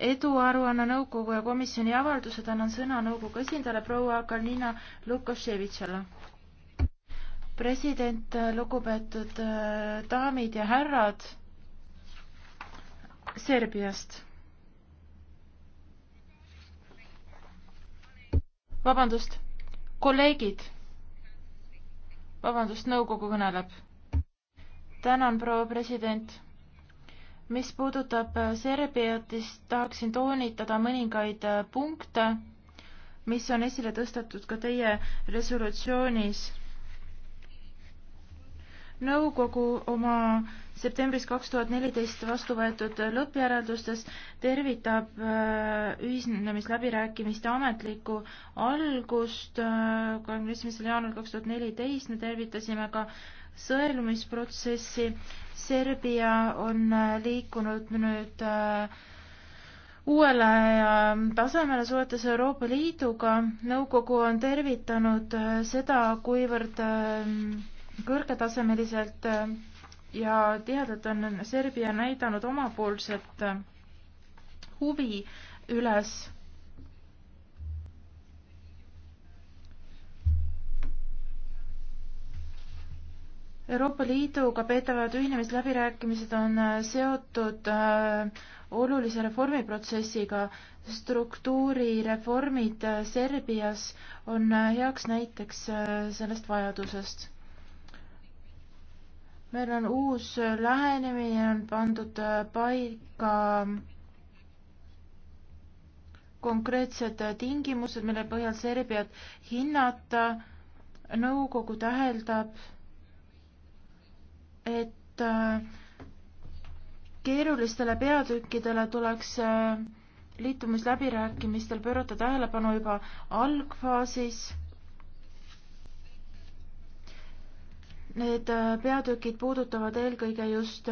eduaruanne nõukogu ja komisjoni avaldused annan sõna nõukogu esindajale proua Kalnina Lukaševitšale. president, lugupeetud äh, daamid ja härrad Serbiast. vabandust, kolleegid. vabandust, nõukogu kõneleb. tänan, proua president mis puudutab äh, Serbiat, siis tahaksin toonitada mõningaid äh, punkte, mis on esile tõstetud ka teie resolutsioonis. nõukogu oma septembris kaks tuhat neliteist vastu võetud äh, lõppjäreldustes tervitab ühinemisläbirääkimiste ametlikku algust kahekümne esimesel jaanuaril kaks tuhat neliteist, me tervitasime ka sõelumisprotsessi Serbia on äh, liikunud nüüd äh, uuele äh, tasemele suhetes Euroopa Liiduga. nõukogu on tervitanud seda, kuivõrd kõrgetasemeliselt ja tihedalt on Serbia näidanud omapoolset huvi üles Euroopa Liiduga peetavad ühinemisläbirääkimised on äh, seotud äh, olulise reformiprotsessiga. struktuurireformid äh, Serbias on heaks näiteks sellest vajadusest. meil on uus lähenemine, on pandud paika mm, konkreetsed tingimused, mille põhjal Serbiat hinnata. nõukogu täheldab et äh, keerulistele peatükkidele tuleks äh, liitumisläbirääkimistel pöörata tähelepanu juba algfaasis. Need äh, peatükid puudutavad eelkõige just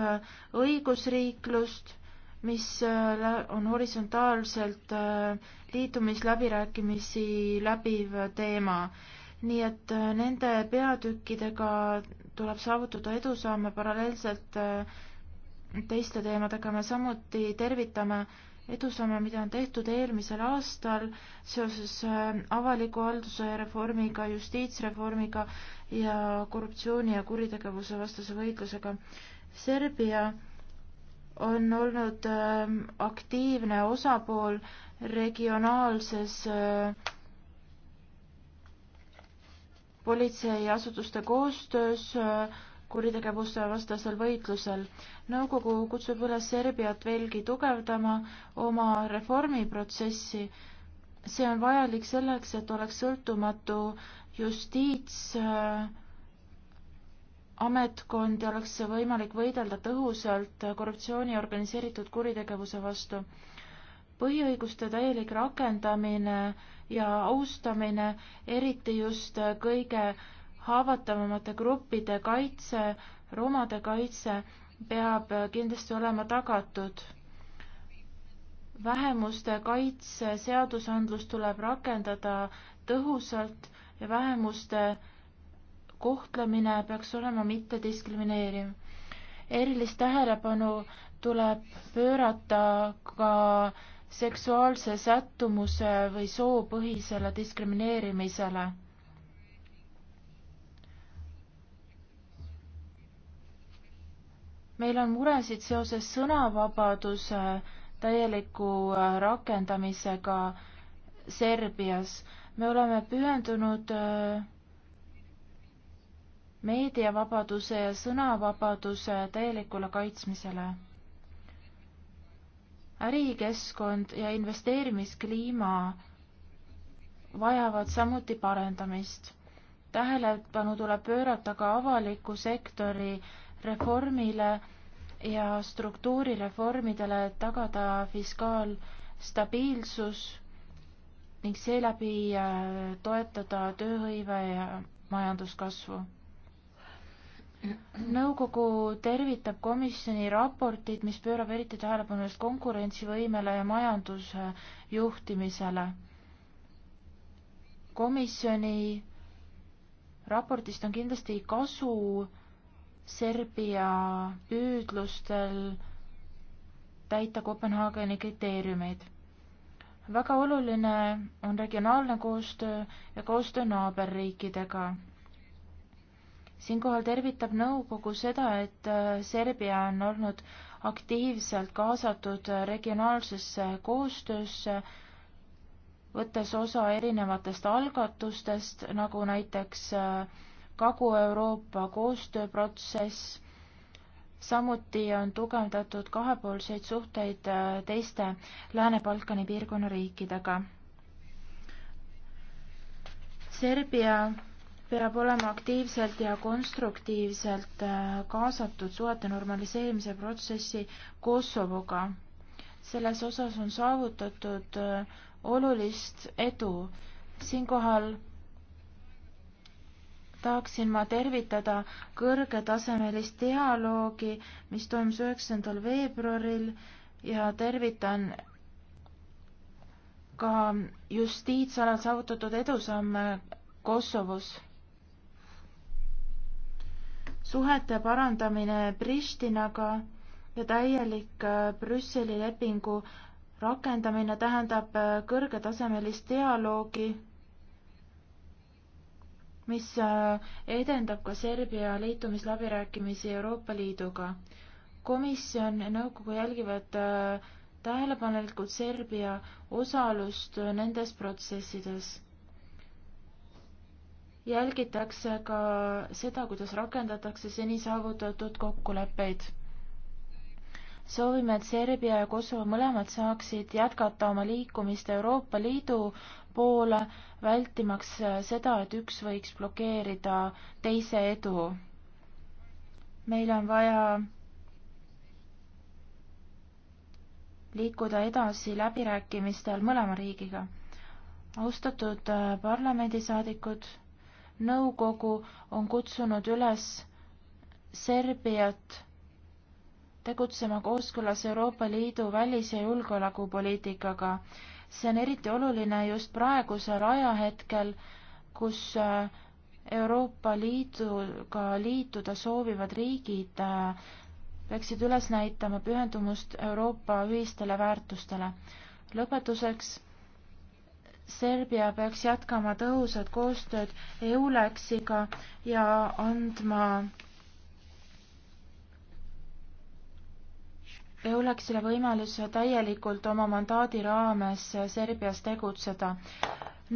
õigusriiklust, mis on horisontaalselt liitumisläbirääkimisi läbiv teema nii et äh, nende peatükkidega tuleb saavutada edusamme paralleelselt äh, teiste teemadega. me samuti tervitame edusamme, mida on tehtud eelmisel aastal seoses äh, avaliku halduse reformiga, justiitsreformiga ja korruptsiooni ja kuritegevuse vastase võitlusega. Serbia on olnud aktiivne osapool regionaalses äh, politseiasutuste koostöös äh, kuritegevuse vastasel võitlusel. nõukogu kutsub üles Serbiat veelgi tugevdama oma reformiprotsessi. see on vajalik selleks, et oleks sõltumatu justiits äh, ametkond ja oleks võimalik võidelda tõhusalt korruptsiooni ja organiseeritud kuritegevuse vastu. põhiõiguste täielik rakendamine ja austamine, eriti just kõige haavatavamate gruppide kaitse, romade kaitse peab kindlasti olema tagatud. vähemuste kaitse seadusandlus tuleb rakendada tõhusalt ja vähemuste kohtlemine peaks olema mittediskrimineeriv. erilist tähelepanu tuleb pöörata ka seksuaalse sättumuse või soopõhisele diskrimineerimisele. meil on muresid seoses sõnavabaduse täieliku rakendamisega Serbias. me oleme pühendunud äh, meediavabaduse ja sõnavabaduse täielikule kaitsmisele ärikeskkond ja investeerimiskliima vajavad samuti parendamist. tähelepanu tuleb pöörata ka avaliku sektori reformile ja struktuurireformidele, et tagada fiskaalstabiilsus ning seeläbi äh, toetada tööhõive ja majanduskasvu nõukogu tervitab komisjoni raportit, mis pöörab eriti tähelepanu just konkurentsivõimele ja majanduse juhtimisele. komisjoni raportist on kindlasti kasu Serbia püüdlustel täita Kopenhaageni kriteeriumeid. väga oluline on regionaalne koostöö ja koostöö naaberriikidega siinkohal tervitab nõukogu seda, et äh, Serbia on olnud aktiivselt kaasatud äh, regionaalsesse koostöösse, võttes osa erinevatest algatustest, nagu näiteks äh, Kagu-Euroopa koostööprotsess. samuti on tugevdatud kahepoolseid suhteid teiste Lääne-Balkani piirkonna riikidega. Serbia peab olema aktiivselt ja konstruktiivselt äh, kaasatud suhete normaliseerimise protsessi Kosovoga. selles osas on saavutatud äh, olulist edu. siinkohal tahaksin ma tervitada kõrgetasemelist dialoogi, mis toimus üheksandal veebruaril ja tervitan ka justiitsalal saavutatud edusamme Kosovos suhete parandamine Pristinaga ja täielik äh, Brüsseli lepingu rakendamine tähendab äh, kõrgetasemelist dialoogi, mis äh, edendab ka Serbia liitumisläbirääkimisi Euroopa Liiduga. komisjon ja nõukogu jälgivad tähelepanelikult Serbia osalust nendes protsessides jälgitakse ka seda, kuidas rakendatakse seni saavutatud kokkuleppeid. soovime, et Serbia ja Kosovo mõlemad saaksid jätkata oma liikumist Euroopa Liidu poole, vältimaks seda, et üks võiks blokeerida teise edu. meil on vaja liikuda edasi läbirääkimistel mõlema riigiga. austatud äh, parlamendisaadikud nõukogu on kutsunud üles Serbiat tegutsema kooskõlas Euroopa Liidu välis- ja julgeolekupoliitikaga. see on eriti oluline just praegusel ajahetkel, kus äh, Euroopa Liiduga liituda soovivad riigid äh, peaksid üles näitama pühendumust Euroopa ühistele väärtustele. lõpetuseks Serbia peaks jätkama tõhusat koostööd EULEX-iga ja andma EULEX-ile võimaluse täielikult oma mandaadi raames Serbias tegutseda.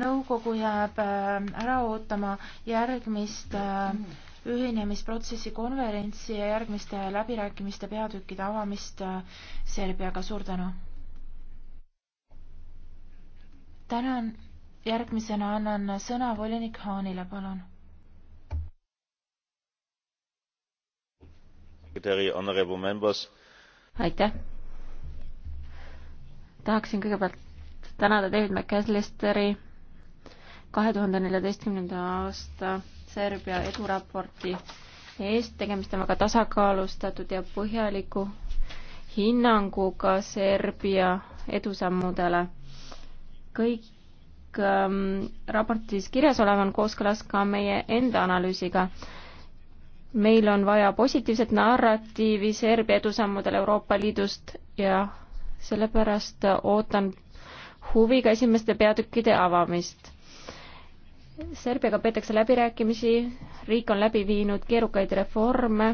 nõukogu jääb äh, ära ootama järgmist äh, ühinemisprotsessi konverentsi ja järgmiste läbirääkimiste peatükkide avamist äh, Serbiaga. suur tänu! tänan, järgmisena annan sõna volinik Haanile, palun. aitäh. tahaksin kõigepealt tänada David McAllisteri kahe tuhande neljateistkümnenda aasta Serbia eduraporti eest, tegemist on väga tasakaalustatud ja põhjaliku hinnanguga Serbia edusammudele kõik ähm, raportis kirjas olev on kooskõlas ka meie enda analüüsiga. meil on vaja positiivset narratiivi Serbia edusammudel Euroopa Liidust ja sellepärast ootan huviga esimeste peatükkide avamist Serbiaga peetakse läbirääkimisi, riik on läbi viinud keerukaid reforme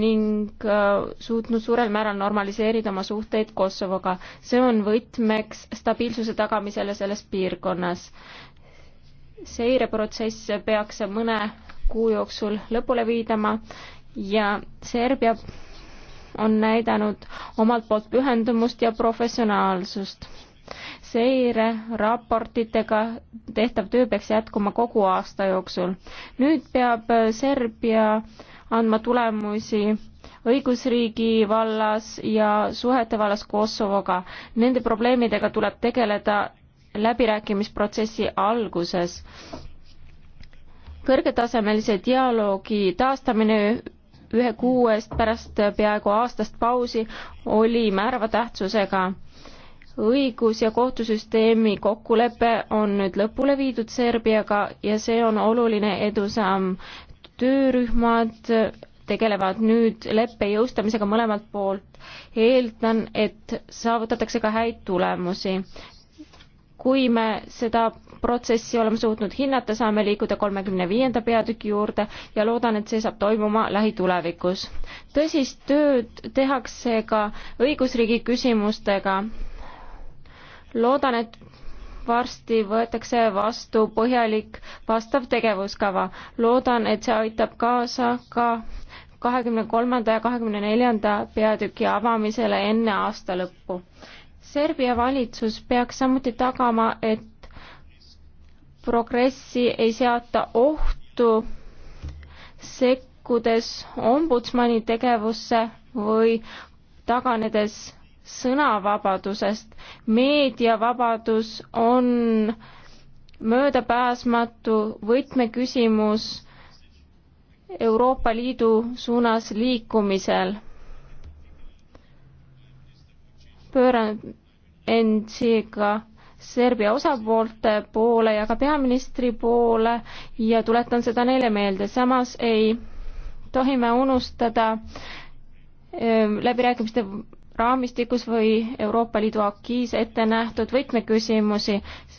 ning äh, suutnud suurel määral normaliseerida oma suhteid Kosovoga. see on võtmeks stabiilsuse tagamisele selles piirkonnas. seireprotsess peaks mõne kuu jooksul lõpule viidama ja Serbia on näidanud omalt poolt pühendumust ja professionaalsust seire raportitega tehtav töö peaks jätkuma kogu aasta jooksul. nüüd peab Serbia andma tulemusi õigusriigi vallas ja suhete vallas Kosovoga. Nende probleemidega tuleb tegeleda läbirääkimisprotsessi alguses. kõrgetasemelise dialoogi taastamine ühe kuu eest pärast peaaegu aastast pausi oli määrava tähtsusega õigus- ja kohtusüsteemi kokkulepe on nüüd lõpule viidud Serbiaga ja see on oluline edusamm. töörühmad tegelevad nüüd leppe jõustamisega mõlemalt poolt. eeldan, et saavutatakse ka häid tulemusi. kui me seda protsessi oleme suutnud hinnata, saame liikuda kolmekümne viienda peatüki juurde ja loodan, et see saab toimuma lähitulevikus. tõsist tööd tehakse ka õigusriigi küsimustega loodan, et varsti võetakse vastu põhjalik vastav tegevuskava. loodan, et see aitab kaasa ka kahekümne kolmanda ja kahekümne neljanda peatüki avamisele enne aasta lõppu. Serbia valitsus peaks samuti tagama, et progressi ei seata ohtu sekkudes ombudsmani tegevusse või taganedes sõnavabadusest. meediavabadus on möödapääsmatu võtmeküsimus Euroopa Liidu suunas liikumisel. pööran end seega Serbia osapoolte poole ja ka peaministri poole ja tuletan seda neile meelde. samas ei tohi me unustada ehm, läbirääkimiste raamistikus või Euroopa Liidu akiis ette nähtud võtmeküsimusi.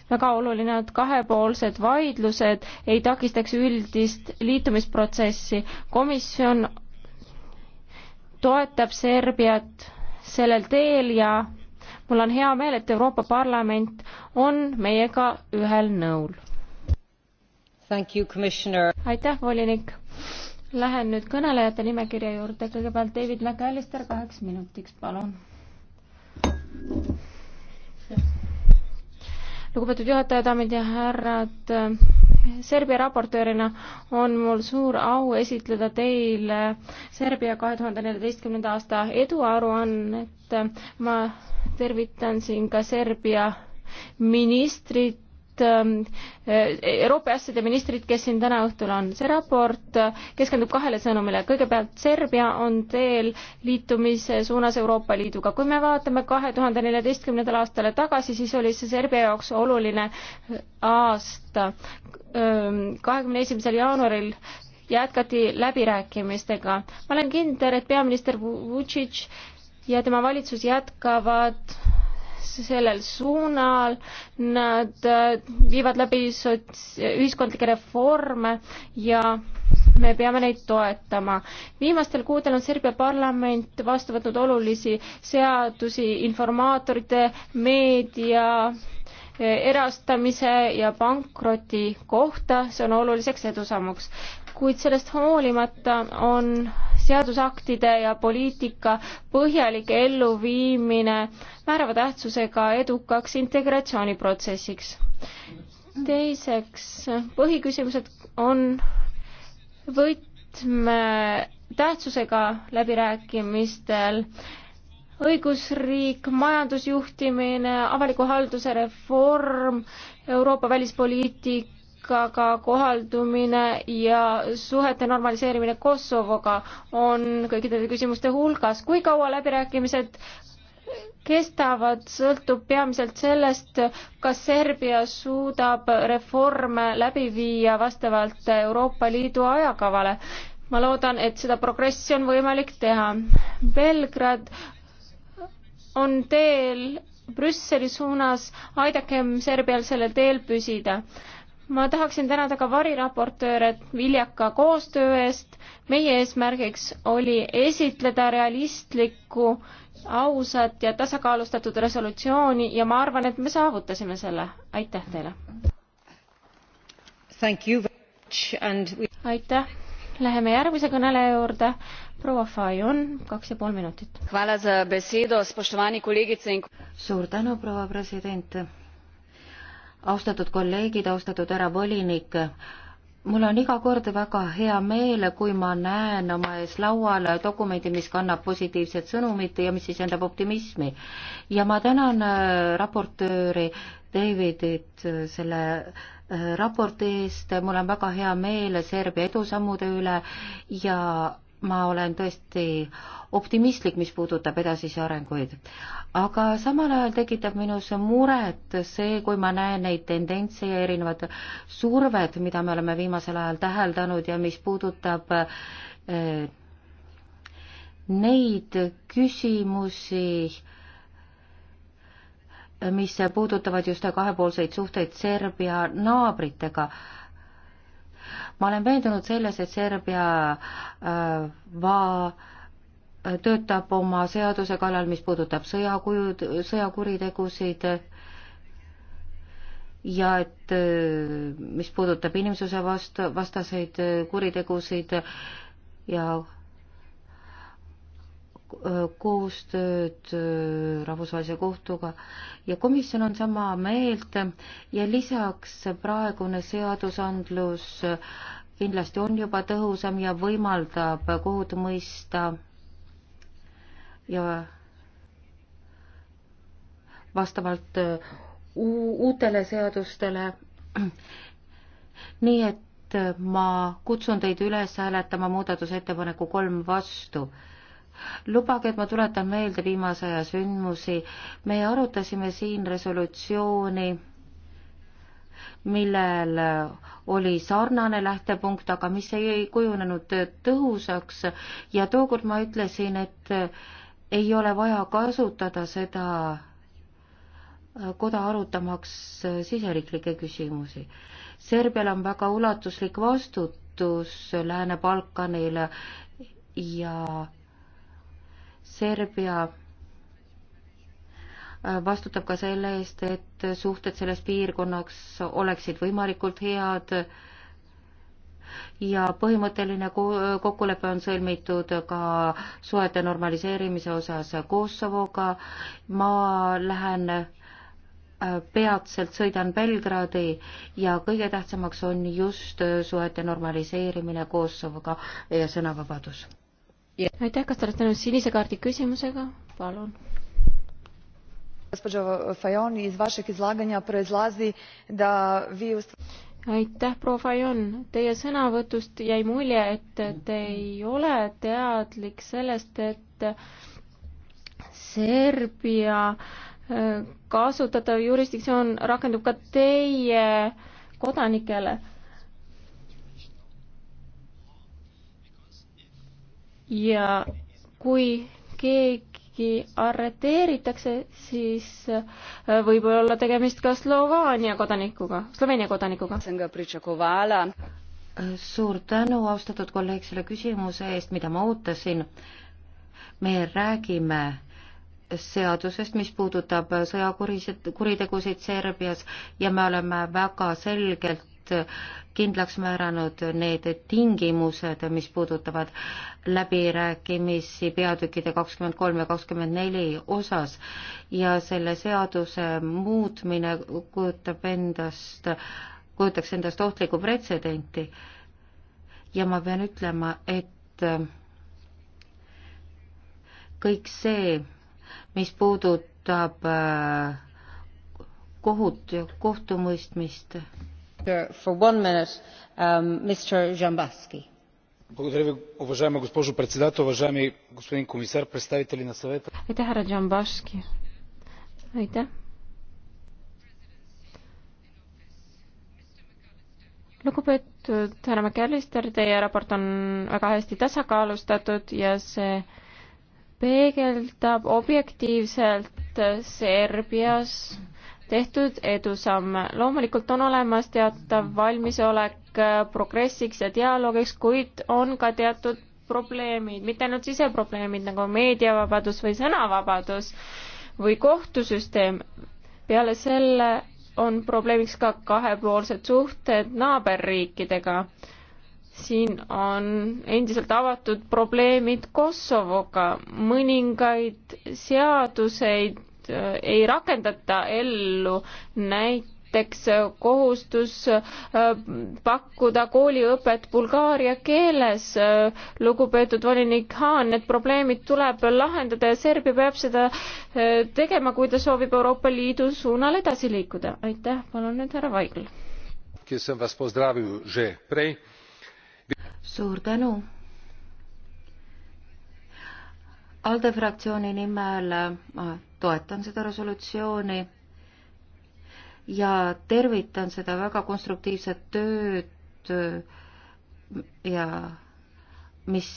väga oluline on, et kahepoolsed vaidlused ei takistaks üldist liitumisprotsessi. komisjon toetab Serbiat sellel teel ja mul on hea meel, et Euroopa Parlament on meiega ühel nõul. aitäh, volinik! Lähen nüüd kõnelejate nimekirja juurde, kõigepealt David McAllister kaheks minutiks, palun. lugupeetud juhataja, daamid ja härrad, Serbia raportöörina on mul suur au esitleda teile Serbia kahe tuhande neljateistkümnenda aasta eduaruannet. ma tervitan siin ka Serbia ministrit ministrid, ähm, äh, Euroopa asjade ministrid, kes siin täna õhtul on. see raport äh, keskendub kahele sõnumile. kõigepealt Serbia on teel liitumise suunas Euroopa Liiduga. kui me vaatame kahe tuhande neljateistkümnendal aastale tagasi, siis oli see Serbia jaoks oluline äh, aasta. Ähm, kahekümne esimesel jaanuaril jätkati läbirääkimistega. ma olen kindel, et peaminister Vučić ja tema valitsus jätkavad sellel suunal, nad äh, viivad läbi sots-, ühiskondlikke reforme ja me peame neid toetama. viimastel kuudel on Serbia parlament vastu võtnud olulisi seadusi informaatorite, meedia erastamise ja pankroti kohta, see on oluliseks edusammuks. kuid sellest hoolimata on seadusaktide ja poliitika põhjalik elluviimine määrava tähtsusega edukaks integratsiooniprotsessiks. teiseks, põhiküsimused on võtmetähtsusega läbirääkimistel õigusriik, majandusjuhtimine, avaliku halduse reform, Euroopa välispoliitikaga kohaldumine ja suhete normaliseerimine Kosovoga on kõikide küsimuste hulgas. kui kaua läbirääkimised kestavad, sõltub peamiselt sellest, kas Serbia suudab reforme läbi viia vastavalt Euroopa Liidu ajakavale. ma loodan, et seda progressi on võimalik teha. Belgrad on teel Brüsseli suunas, aidakem Serbial sellel teel püsida. ma tahaksin tänada ka variraportööre viljaka koostöö eest. meie eesmärgiks oli esitleda realistlikku, ausat ja tasakaalustatud resolutsiooni ja ma arvan, et me saavutasime selle. aitäh teile! aitäh, läheme järgmise kõneleja juurde proua Fajon, kaks ja pool minutit. suur tänu, proua president. austatud kolleegid, austatud härra volinik mul on iga kord väga hea meel, kui ma näen oma ees laual dokumendi, mis kannab positiivset sõnumit ja mis sisendab optimismi. ja ma tänan äh, raportööri Davidit äh, selle äh, raporti eest, mul on väga hea meel Serbia edusammude üle ja ma olen tõesti optimistlik, mis puudutab edasisi arenguid. aga samal ajal tekitab minus muret see, kui ma näen neid tendentse ja erinevad surved, mida me oleme viimasel ajal täheldanud ja mis puudutab eh, neid küsimusi, mis puudutavad just kahepoolseid suhteid Serbia naabritega ma olen veendunud selles, et Serbia äh, va- äh, töötab oma seaduse kallal, mis puudutab sõjakujud, sõjakuritegusid ja et äh, mis puudutab inimsuse vastu, vastaseid äh, kuritegusid ja koostööd Rahvusvahelise Kohtuga ja komisjon on sama meelt ja lisaks praegune seadusandlus kindlasti on juba tõhusam ja võimaldab kohut mõista ja vastavalt uutele seadustele. nii et ma kutsun teid üles hääletama muudatusettepaneku kolm vastu lubage, et ma tuletan meelde viimase aja sündmusi. me arutasime siin resolutsiooni, millel oli sarnane lähtepunkt, aga mis ei kujunenud tõhusaks ja tookord ma ütlesin, et ei ole vaja kasutada seda koda arutamaks siseriiklikke küsimusi. Serbial on väga ulatuslik vastutus Lääne-Balkanil ja Serbia vastutab ka selle eest, et suhted selles piirkonnaks oleksid võimalikult head ja põhimõtteline kokkulepe on sõlmitud ka suhete normaliseerimise osas Kosovoga. ma lähen äh, peatselt sõidan Belgradi ja kõige tähtsamaks on just suhete normaliseerimine Kosovoga ja sõnavabadus aitäh, kas te olete nõus sinise kaardi küsimusega, palun? aitäh, proua Fajon, teie sõnavõtust jäi mulje, et te ei ole teadlik sellest, et Serbia äh, kasutatav jurisdiktsioon rakendub ka teie kodanikele ja kui keegi arreteeritakse, siis äh, võib olla tegemist ka Slovaania kodanikuga, Sloveenia kodanikuga. Äh, suur tänu, austatud kolleeg, selle küsimuse eest, mida ma ootasin. me räägime seadusest, mis puudutab sõjakurised, kuritegusid Serbias ja me oleme väga selgelt Liit kindlaks määranud need tingimused, mis puudutavad läbirääkimisi peatükkide kakskümmend kolm ja kakskümmend neli osas ja selle seaduse muutmine kujutab endast, kujutaks endast ohtlikku pretsedenti. ja ma pean ütlema, et kõik see, mis puudutab äh, kohut, kohtumõistmist, Um, уважаема госпожо председател уважаеми господин комисар представители на съвета lugupeetud härra mcallister teie raport on väga hästi tasakaalustatud ja see peegeldab objektiivselt serbias tehtud edusamme. loomulikult on olemas teatav valmisolek äh, progressiks ja dialoogiks, kuid on ka teatud probleemid, mitte ainult siseprobleemid nagu meediavabadus või sõnavabadus või kohtusüsteem. peale selle on probleemiks ka kahepoolsed suhted naaberriikidega. siin on endiselt avatud probleemid Kosovoga, mõningaid seaduseid Äh, ei rakendata ellu, näiteks kohustus äh, pakkuda kooliõpet bulgaaria keeles. Äh, lugupeetud volinik Haan, need probleemid tuleb lahendada ja Serbia peab seda tegema, kui ta soovib Euroopa Liidu suunal edasi liikuda. aitäh, palun nüüd härra Vaigel. kes on vas pozdravil že prej. suur tänu ALDE fraktsiooni nimel ma äh, toetan seda resolutsiooni ja tervitan seda väga konstruktiivset tööd äh, ja mis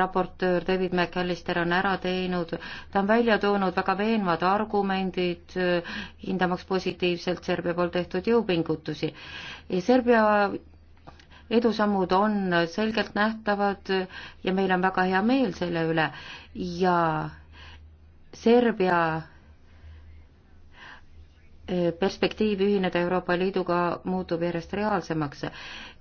raportöör David McAllister on ära teinud, ta on välja toonud väga veenvad argumendid, äh, hindamaks positiivselt Serbia poolt tehtud jõupingutusi. Serbia edusammud on selgelt nähtavad ja meil on väga hea meel selle üle ja Serbia eh, perspektiiv ühineda Euroopa Liiduga muutub järjest reaalsemaks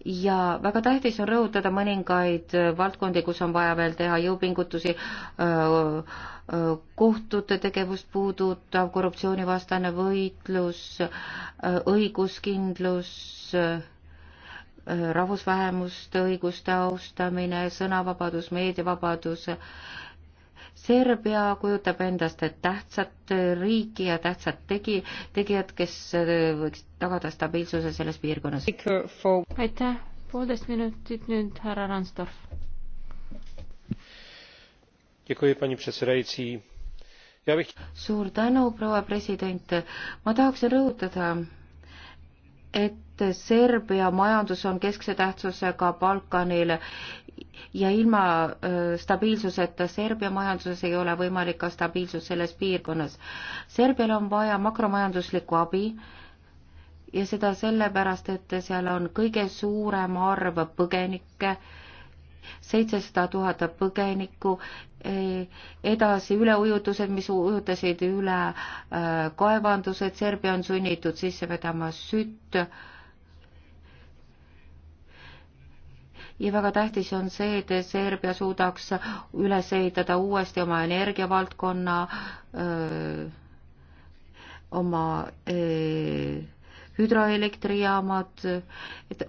ja väga tähtis on rõhutada mõningaid valdkondi, kus on vaja veel teha jõupingutusi, eh, eh, kohtute tegevust puudutav korruptsioonivastane võitlus, õiguskindlus, rahvusvähemuste õiguste austamine, sõnavabadus, meediavabadus. Serbia kujutab endast tähtsat riiki ja tähtsat tegi, tegijat, kes eh, võiks tagada stabiilsuse selles piirkonnas. aitäh, poolteist minutit nüüd härra Ransdorf. suur tänu, proua president, ma tahaksin rõhutada et Serbia majandus on keskse tähtsusega Balkanil ja ilma äh, stabiilsuseta Serbia majanduses ei ole võimalik ka stabiilsus selles piirkonnas. Serbial on vaja makromajanduslikku abi ja seda sellepärast, et seal on kõige suurem arv põgenikke seitsesada tuhat põgenikku, eh, edasi üleujutused, mis ujutasid üle eh, kaevandused, Serbia on sunnitud sisse vedama sütt. ja väga tähtis on see, et Serbia suudaks üles ehitada uuesti oma energiavaldkonna, eh, oma öö, hüdroelektrijaamad, et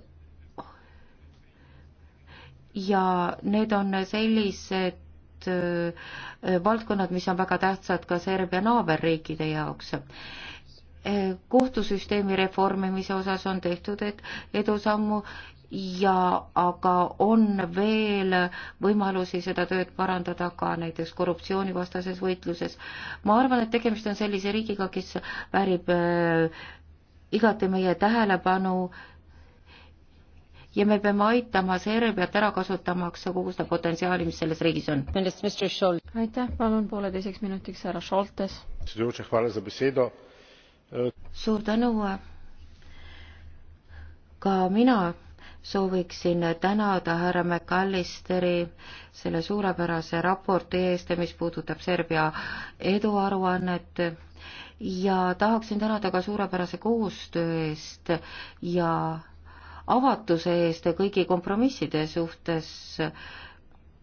ja need on sellised äh, valdkonnad, mis on väga tähtsad ka Serbia naaberriikide jaoks. Äh, kohtusüsteemi reformimise osas on tehtud edusammu ja aga on veel võimalusi seda tööd parandada ka näiteks korruptsioonivastases võitluses. ma arvan, et tegemist on sellise riigiga, kes väärib äh, igati meie tähelepanu ja me peame aitama Serbiat ära kasutamaks kogu seda potentsiaali, mis selles riigis on. aitäh, palun pooleteiseks minutiks härra Šoltes. suur tänu. ka mina sooviksin tänada härra McAllisteri selle suurepärase raporti eest, mis puudutab Serbia eduaruannet ja tahaksin tänada ka suurepärase koostöö eest ja avatuse eest kõigi kompromisside suhtes.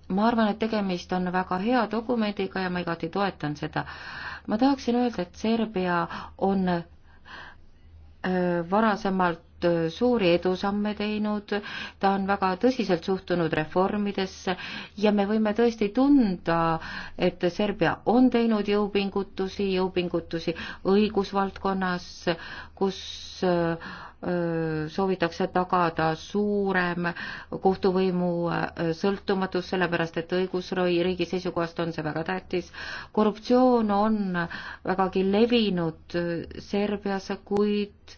ma arvan, et tegemist on väga hea dokumendiga ja ma igati toetan seda. ma tahaksin öelda, et Serbia on äh, varasemalt äh, suuri edusamme teinud, ta on väga tõsiselt suhtunud reformidesse ja me võime tõesti tunda, et Serbia on teinud jõupingutusi, jõupingutusi õigusvaldkonnas, kus äh, soovitakse tagada suurem kohtuvõimu sõltumatus, sellepärast et õigusriigi seisukohast on see väga tähtis. korruptsioon on vägagi levinud Serbias, kuid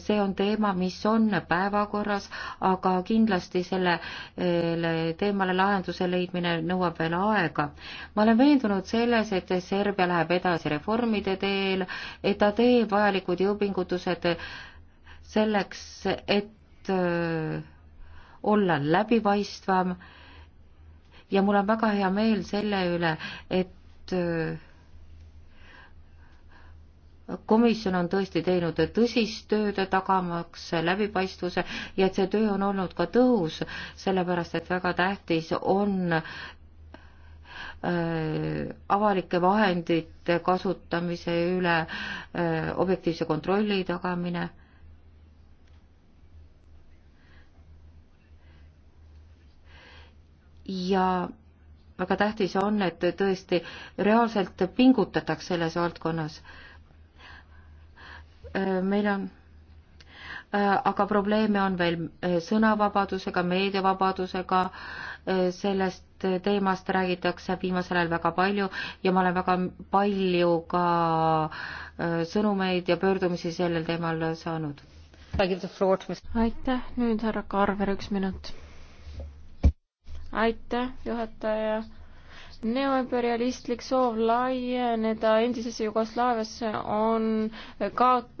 see on teema, mis on päevakorras, aga kindlasti sellele teemale lahenduse leidmine nõuab veel aega. ma olen veendunud selles, et Serbia läheb edasi reformide teel, et ta teeb vajalikud jõupingutused selleks, et äh, olla läbipaistvam ja mul on väga hea meel selle üle, et äh, komisjon on tõesti teinud tõsist tööd, tagamaks läbipaistvuse ja et see töö on olnud ka tõhus, sellepärast et väga tähtis on äh, avalike vahendite kasutamise üle objektiivse kontrolli tagamine ja väga tähtis on, et tõesti reaalselt pingutataks selles valdkonnas. meil on aga probleeme on veel sõnavabadusega, meediavabadusega, sellest teemast räägitakse viimasel ajal väga palju ja ma olen väga palju ka äh, sõnumeid ja pöördumisi sellel teemal saanud. aitäh, nüüd härra Karver, üks minut aitäh, juhataja. neoimperialistlik soov laieneda endisesse Jugoslaaviasse on kaot-,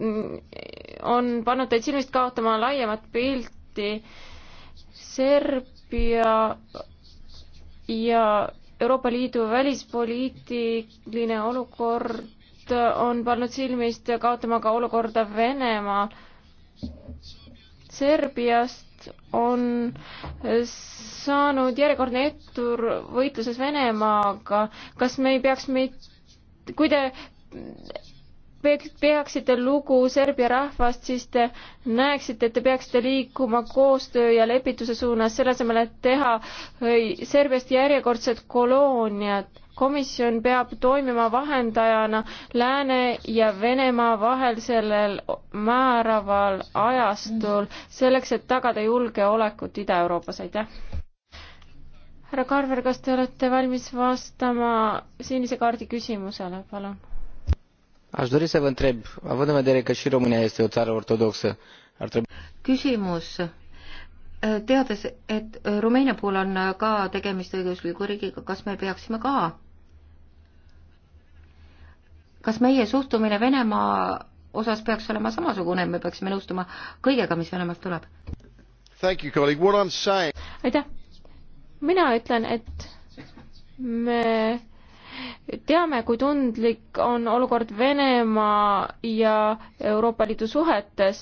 on pannud teid silmist kaotama laiemat pilti. Serbia ja Euroopa Liidu välispoliitiline olukord on pannud silmist kaotama ka olukorda Venemaal. Serbiast on saanud järjekordne ettur võitluses Venemaaga. kas me ei peaks meid, kui te peaksite lugu Serbia rahvast, siis te näeksite, et te peaksite liikuma koostöö ja lepituse suunas, selle asemel, et teha Serbiast järjekordset kolooniat komisjon peab toimima vahendajana Lääne ja Venemaa vahel sellel määraval ajastul selleks, et tagada julgeolekut Ida-Euroopas, aitäh! härra Carver, kas te olete valmis vastama sinise kaardi küsimusele, palun? Aș dori să vă întreb, având în vedere că și România este o țară ortodoxă, ar trebui... Küsimus. Teades, et Rumeenia puhul on ka tegemist õigeuskliku riigiga, kas me peaksime ka kas meie suhtumine Venemaa osas peaks olema samasugune, me peaksime nõustuma kõigega, mis Venemaalt tuleb? aitäh. mina ütlen, et me teame, kui tundlik on olukord Venemaa ja Euroopa Liidu suhetes.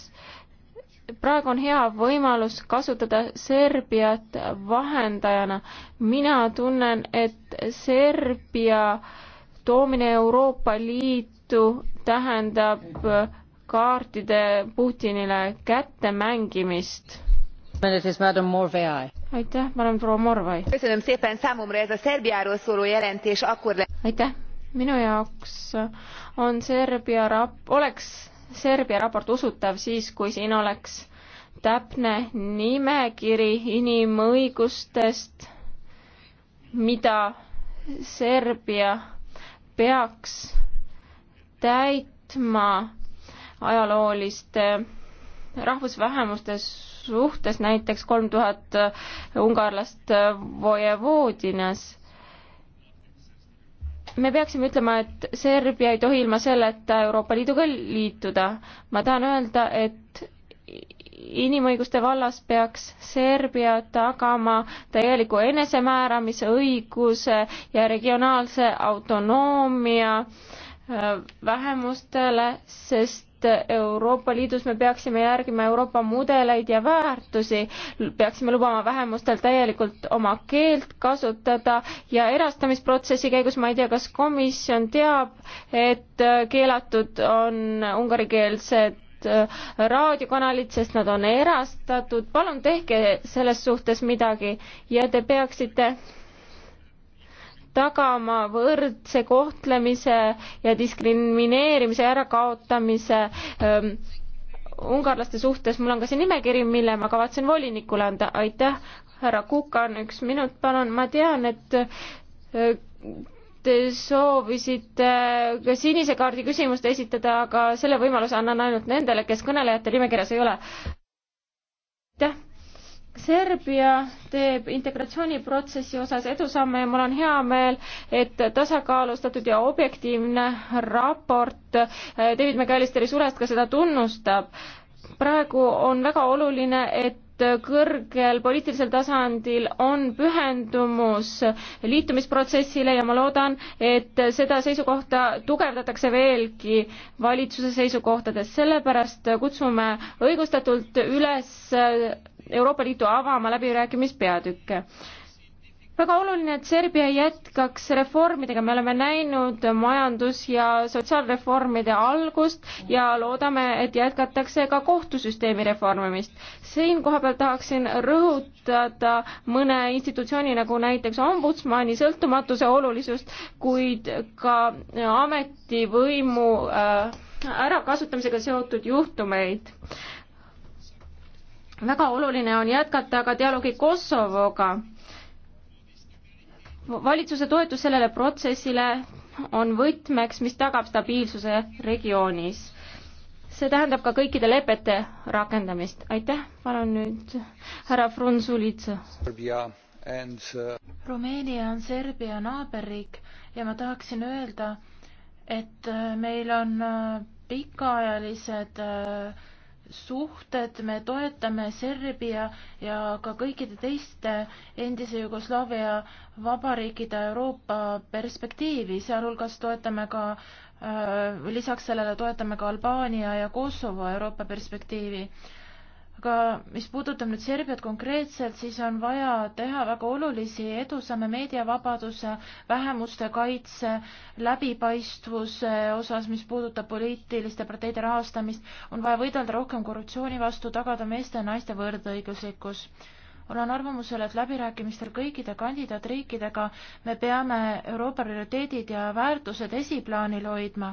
praegu on hea võimalus kasutada Serbiat vahendajana. mina tunnen, et Serbia äh, toomine Euroopa Liitu tähendab kaartide Putinile kätte mängimist. aitäh, ma olen proua Morvai. aitäh, minu jaoks on Serbia rap-, oleks Serbia raport usutav siis, kui siin oleks täpne nimekiri inimõigustest, mida Serbia peaks täitma ajalooliste rahvusvähemuste suhtes, näiteks kolm tuhat äh, ungarlast äh, Vojevoodinas me peaksime ütlema, et Serbia ei tohi ilma selleta Euroopa Liiduga liituda. ma tahan öelda, et inimõiguste vallas peaks Serbia tagama täieliku enesemääramise õiguse ja regionaalse autonoomia äh, vähemustele, sest Euroopa Liidus me peaksime järgima Euroopa mudeleid ja väärtusi, peaksime lubama vähemustel täielikult oma keelt kasutada ja erastamisprotsessi käigus ma ei tea, kas komisjon teab, et äh, keelatud on ungarikeelsed teatud äh, raadiokanalid, sest nad on erastatud. palun tehke selles suhtes midagi ja te peaksite tagama võrdse kohtlemise ja diskrimineerimise ärakaotamise ähm, ungarlaste suhtes. mul on ka see nimekiri, mille ma kavatsen volinikule anda. aitäh, härra Kukan, üks minut, palun. ma tean, et äh, te soovisite ka sinise kaardi küsimust esitada, aga selle võimaluse annan ainult nendele, kes kõnelejate nimekirjas ei ole. aitäh. Serbia teeb integratsiooniprotsessi osas edusamme ja mul on hea meel, et tasakaalustatud ja objektiivne raport eh, David McAllisteri sulest ka seda tunnustab praegu on väga oluline, et kõrgel poliitilisel tasandil on pühendumus liitumisprotsessile ja ma loodan, et seda seisukohta tugevdatakse veelgi valitsuse seisukohtades, sellepärast kutsume õigustatult üles Euroopa Liitu avama läbirääkimispeatükke väga oluline, et Serbia jätkaks reformidega, me oleme näinud majandus- ja sotsiaalreformide algust ja loodame, et jätkatakse ka kohtusüsteemi reformimist. siin kohapeal tahaksin rõhutada mõne institutsiooni, nagu näiteks ombudsmani sõltumatuse olulisust, kuid ka ametivõimu äh, ärakasutamisega seotud juhtumeid väga oluline on jätkata ka dialoogi Kosovoga valitsuse toetus sellele protsessile on võtmeks, mis tagab stabiilsuse regioonis. see tähendab ka kõikide lepete rakendamist. aitäh, palun nüüd härra Frunzulitsa. Uh, Rumeenia on Serbia naaberriik ja ma tahaksin öelda, et uh, meil on uh, pikaajalised äh, suhted, me toetame Serbia ja ka kõikide teiste endise Jugoslaavia vabariikide Euroopa perspektiivi, sealhulgas toetame ka, äh, lisaks sellele toetame ka Albaania ja Kosovo Euroopa perspektiivi aga mis puudutab nüüd Serbiat konkreetselt, siis on vaja teha väga olulisi edusamme meediavabaduse, vähemuste kaitse, läbipaistvuse osas, mis puudutab poliitiliste parteide rahastamist, on vaja võidelda rohkem korruptsiooni vastu, tagada meeste ja naiste võrdõiguslikkus. olen arvamusel, et läbirääkimistel kõikide kandidaatriikidega me peame Euroopa prioriteedid ja väärtused esiplaanil hoidma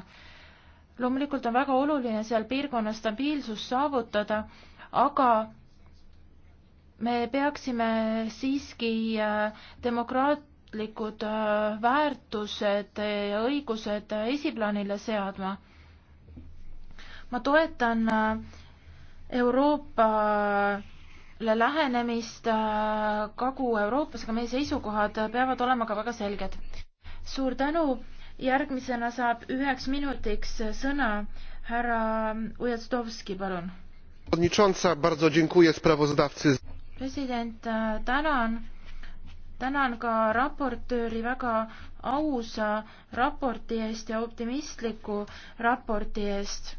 loomulikult on väga oluline seal piirkonnas stabiilsus saavutada aga me peaksime siiski äh, demokraatlikud äh, väärtused ja õigused äh, esiplaanile seadma. ma toetan Euroopale lähenemist Kagu-Euroopas, aga meie seisukohad peavad olema ka väga selged. suur tänu, järgmisena saab üheks minutiks sõna härra Ujazdovski, palun president, e, tänan, tänan ka raportööri väga ausa raporti eest ja optimistliku raporti eest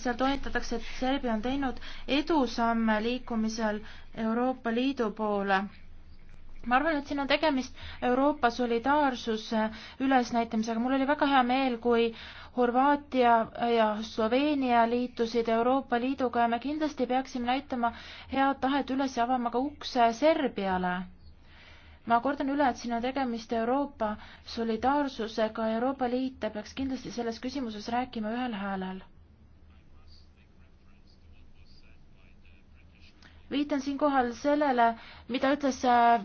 seal toonitatakse, et Serbia on teinud edusamme liikumisel Euroopa Liidu poole ma arvan, et siin on tegemist Euroopa solidaarsuse ülesnäitamisega. mul oli väga hea meel, kui Horvaatia ja Sloveenia liitusid Euroopa Liiduga ja me kindlasti peaksime näitama head tahet üles ja avama ka ukse Serbiale. ma kordan üle, et siin on tegemist Euroopa solidaarsusega ja Euroopa Liit peaks kindlasti selles küsimuses rääkima ühel häälel. viitan siinkohal sellele, mida ütles äh,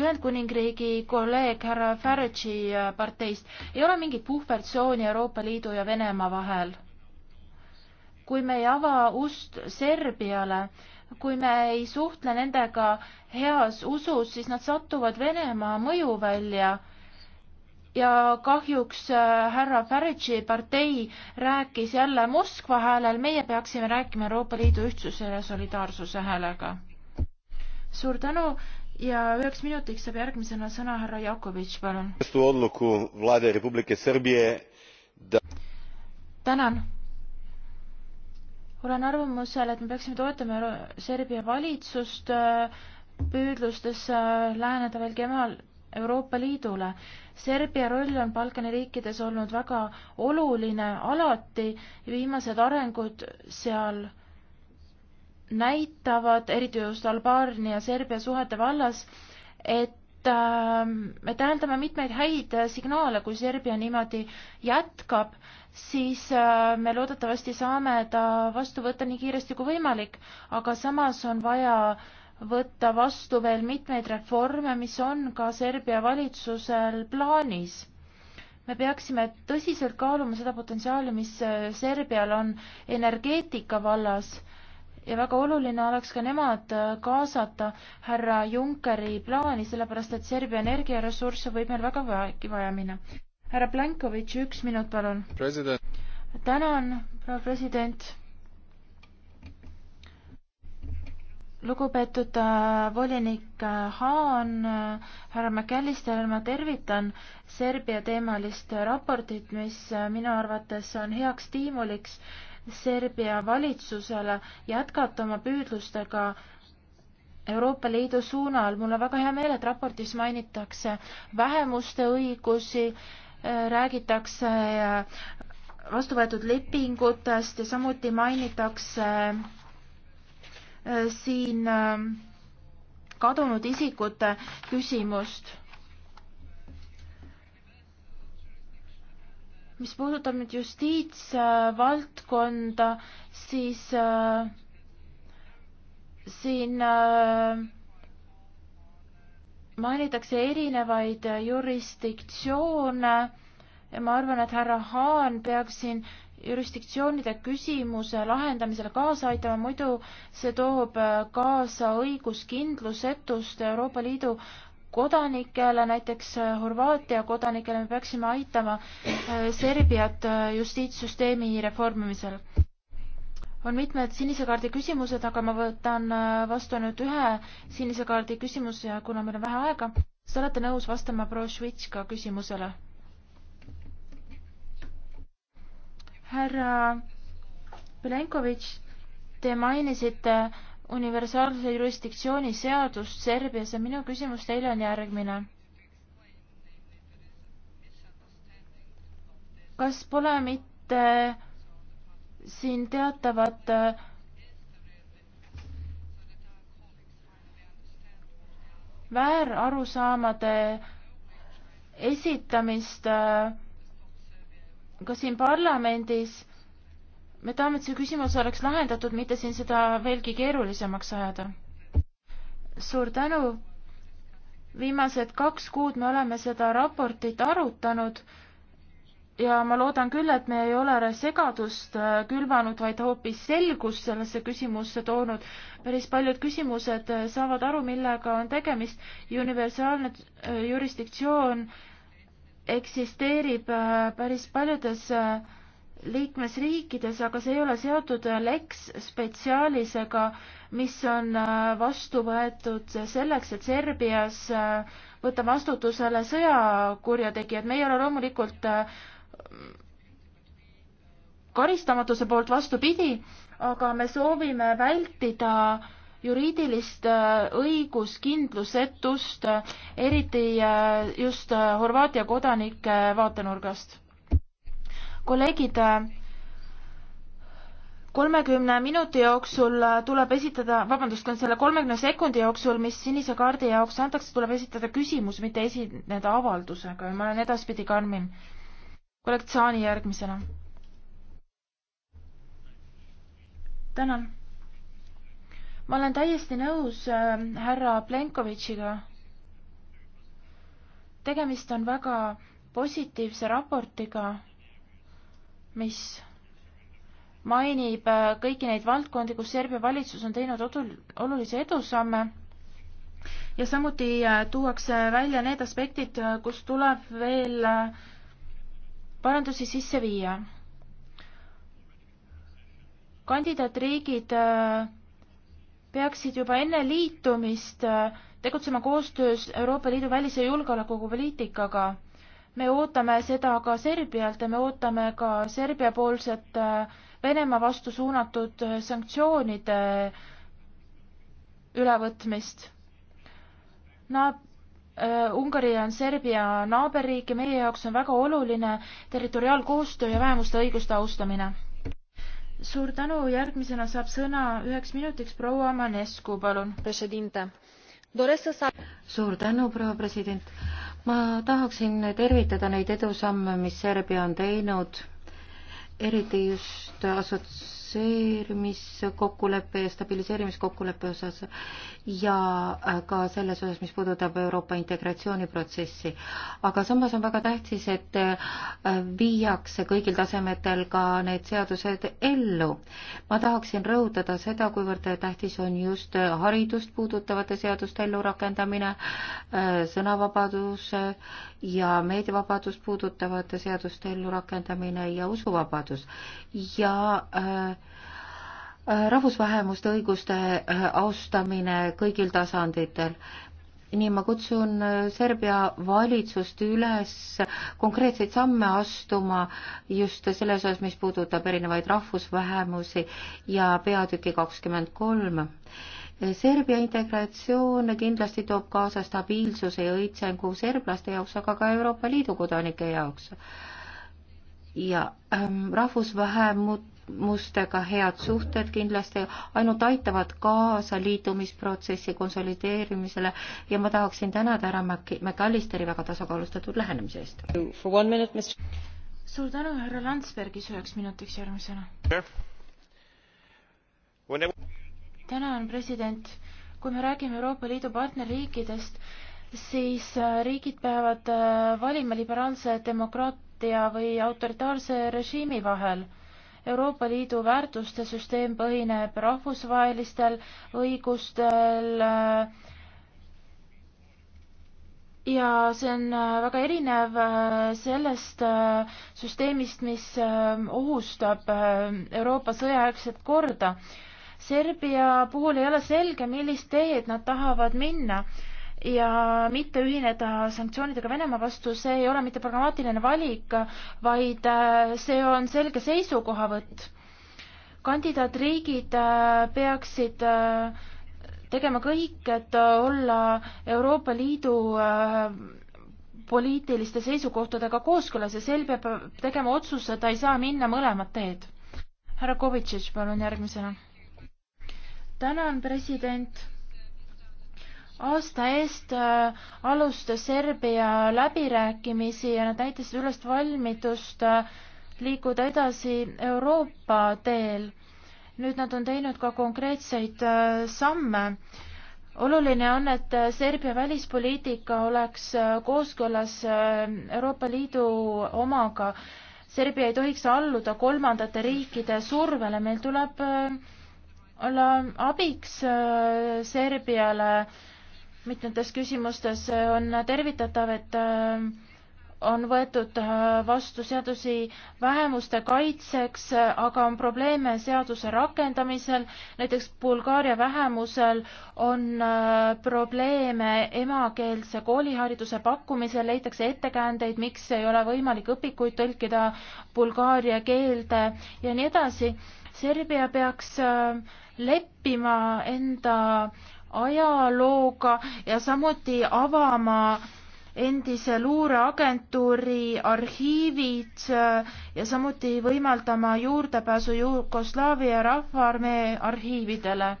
Ühendkuningriigi kolleeg härra Farage'i äh, parteist. ei ole mingit puhvertsooni Euroopa Liidu ja Venemaa vahel. kui me ei ava ust Serbiale, kui me ei suhtle nendega heas usus, siis nad satuvad Venemaa mõjuvälja ja kahjuks äh, härra Farage'i partei rääkis jälle Moskva häälel, meie peaksime rääkima Euroopa Liidu ühtsuse ja solidaarsuse häälega. suur tänu, ja üheks minutiks saab järgmisena sõna härra Jakovitš, palun. tänan. olen arvamusel, et me peaksime toetama Serbia valitsust äh, püüdlustes äh, läheneda veelgi emal Euroopa Liidule. Serbia roll on Balkani riikides olnud väga oluline alati, viimased arengud seal näitavad, eriti just Albaania, Serbia suhete vallas, et ähm, me täheldame mitmeid häid signaale, kui Serbia niimoodi jätkab, siis äh, me loodetavasti saame ta vastu võtta nii kiiresti kui võimalik, aga samas on vaja võtta vastu veel mitmeid reforme, mis on ka Serbia valitsusel plaanis. me peaksime tõsiselt kaaluma seda potentsiaali, mis äh, Serbial on energeetika vallas ja väga oluline oleks ka nemad äh, kaasata härra Junckeri plaani, sellepärast et Serbia energiaressursse võib meil väga vaja minna. härra Plankovitš, üks minut, palun. tänan, proua president. lugupeetud äh, volinik äh, Haan, härra McAllister, ma tervitan Serbia teemalist raportit, mis minu arvates on heaks stiimuliks Serbia valitsusele jätkata oma püüdlustega Euroopa Liidu suunal. mul on väga hea meel, et raportis mainitakse vähemuste õigusi, äh, räägitakse äh, vastu võetud lepingutest ja samuti mainitakse äh, siin kadunud isikute küsimust mis puudutab nüüd justiitsvaldkonda äh,, siis äh, siin äh, mainitakse erinevaid jurisdiktsioone ja ma arvan, et härra Haan peaks siin jurisdiktsioonide küsimuse lahendamisele kaasa aitama, muidu see toob äh, kaasa õiguskindlusetust Euroopa Liidu kodanikele, näiteks äh, Horvaatia kodanikele, me peaksime aitama äh, Serbiat äh, justiitssüsteemi reformimisel. on mitmed sinise kaardi küsimused, aga ma võtan vastu nüüd ühe sinise kaardi küsimuse ja kuna meil on vähe aega, kas te olete nõus vastama proua Švitška küsimusele? härra Belenkovitš, te mainisite äh, universaalse jurisdiktsiooni seadust Serbias ja minu küsimus teile on järgmine. kas pole mitte siin teatavat äh, väärarusaamade esitamist äh, ka siin parlamendis me tahame, et see küsimus oleks lahendatud, mitte siin seda veelgi keerulisemaks ajada. suur tänu. viimased kaks kuud me oleme seda raportit arutanud ja ma loodan küll, et me ei ole segadust äh, külvanud, vaid hoopis selgust sellesse küsimusse toonud. päris paljud küsimused äh, saavad aru, millega on tegemist. universaalne äh, jurisdiktsioon eksisteerib päris paljudes liikmesriikides, aga see ei ole seotud Lex Specialisega, mis on äh, vastu võetud selleks, et Serbias äh, võtta vastutusele sõjakurjategijad. me ei ole loomulikult äh, karistamatuse poolt vastupidi, aga me soovime vältida juriidilist õiguskindlusetust, eriti just Horvaatia kodanike vaatenurgast kolleegid, kolmekümne minuti jooksul tuleb esitada, vabandust, selle kolmekümne sekundi jooksul, mis sinise kaardi jaoks antakse, tuleb esitada küsimus, mitte esineda avaldusega ja ma olen edaspidi karmim. kolleeg Tsaani järgmisena. tänan. ma olen täiesti nõus äh, härra Plenkovitšiga. tegemist on väga positiivse raportiga mis mainib äh, kõiki neid valdkondi, kus Serbia valitsus on teinud olulisi edusamme ja samuti äh, tuuakse välja need aspektid, äh, kus tuleb veel parandusi sisse viia. kandidaatriigid peaksid juba enne liitumist tegutsema koostöös Euroopa Liidu välis- ja julgeolekupoliitikaga me ootame seda ka Serbialt ja me ootame ka Serbia poolset äh, Venemaa vastu suunatud äh, sanktsioonide ülevõtmist. Nad äh, Ungari on Serbia naaberriik ja meie jaoks on väga oluline territoriaalkoostöö ja vähemuste õiguste austamine. suur tänu, järgmisena saab sõna üheks minutiks proua Manescu, palun. suur tänu, proua president ma tahaksin tervitada neid edusamme, mis Serbia on teinud, eriti just assots-, assotsieerimiskokkuleppe ja stabiliseerimiskokkuleppe osas ja äh, ka selles osas, mis puudutab Euroopa integratsiooniprotsessi. aga samas on väga tähtis, et äh, viiakse kõigil tasemetel ka need seadused ellu. ma tahaksin rõhutada seda, kuivõrd tähtis on just haridust puudutavate seaduste ellurakendamine, äh, sõnavabaduse ja meediavabadust puudutavate seaduste ellurakendamine ja usuvabadus ja äh, Äh, rahvusvähemuste õiguste äh, austamine kõigil tasanditel. nii ma kutsun äh, Serbia valitsust üles konkreetseid samme astuma just selles osas, mis puudutab erinevaid rahvusvähemusi ja peatüki kakskümmend kolm. Serbia integratsioon kindlasti toob kaasa stabiilsuse ja õitsengu serblaste jaoks, aga ka Euroopa Liidu kodanike jaoks ja ähm, rahvusvähemustega head suhted kindlasti ainult aitavad kaasa liitumisprotsessi konsolideerimisele ja ma tahaksin tänada härra McAllisteri väga tasakaalustatud lähenemise eest. suur tänu, härra Landsbergis üheks minutiks järgmisena. tänan, president. kui me räägime Euroopa Liidu partnerriikidest, siis äh, riigid peavad äh, valima liberaalse demokraat-, demokraatia või autoritaarse režiimi vahel. Euroopa Liidu väärtuste süsteem põhineb rahvusvahelistel õigustel äh, ja see on äh, väga erinev äh, sellest süsteemist, mis ohustab Euroopa sõjajärgset korda Serbia puhul ei ole selge, millist teed nad tahavad minna ja mitte ühineda sanktsioonidega Venemaa vastu, see ei ole mitte pragmaatiline valik, vaid äh, see on selge seisukohavõtt. kandidaatriigid äh, peaksid äh, tegema kõik, et olla Euroopa Liidu poliitiliste seisukohtadega kooskõlas ja sel peab tegema otsuse, ta ei saa minna mõlemat teed. härra Kovitšitš, palun järgmisena. tänan, president aasta eest äh, alustas Serbia läbirääkimisi ja nad näitasid üles valmidust äh, liikuda edasi Euroopa teel. nüüd nad on teinud ka konkreetseid äh, samme. oluline on, et Serbia välispoliitika oleks kooskõlas Euroopa Liidu omaga. Serbia ei tohiks alluda kolmandate riikide survele, meil tuleb olla abiks Serbiale mitmetes küsimustes äh, on tervitatav, et äh, on võetud äh, vastu seadusi vähemuste kaitseks, aga on probleeme seaduse rakendamisel. näiteks Bulgaaria vähemusel on probleeme emakeelse koolihariduse pakkumisel, leitakse ettekäändeid, miks ei ole võimalik õpikuid tõlkida bulgaaria keelde ja nii edasi. Serbia peaks leppima enda äh, ajalooga ja samuti avama endise luureagentuuri arhiivid äh, ja samuti võimaldama juurdepääsu Jugoslaavia Rahvaarmee arhiividele.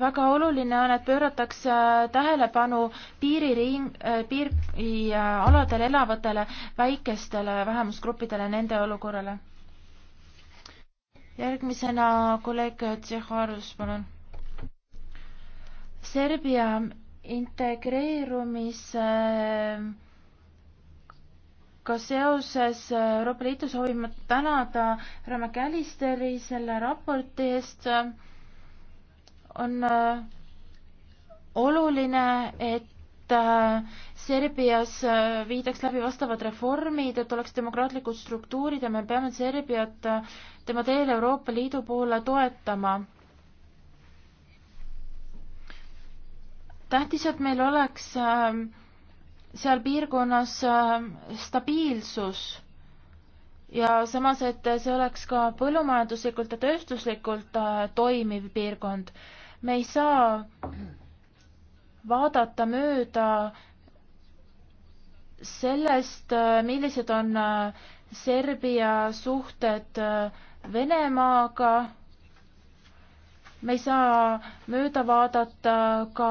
väga oluline on, et pööratakse tähelepanu piiririin-, äh, piirialadel elavatele väikestele vähemusgruppidele, nende olukorrale. järgmisena kolleeg Tšehharus, palun Serbia integreerumise äh, ka seoses äh, Euroopa Liitu soovime tänada härra McAllisteri selle raporti eest. on äh, oluline, et Serbias viidaks läbi vastavad reformid, et oleks demokraatlikud struktuurid ja me peame Serbiat tema teel Euroopa Liidu poole toetama tähtis, et meil oleks ähm, seal piirkonnas ähm, stabiilsus ja samas, et see oleks ka põllumajanduslikult ja tööstuslikult äh, toimiv piirkond. me ei saa vaadata mööda sellest, äh, millised on äh, Serbia suhted Venemaaga me ei saa mööda vaadata ka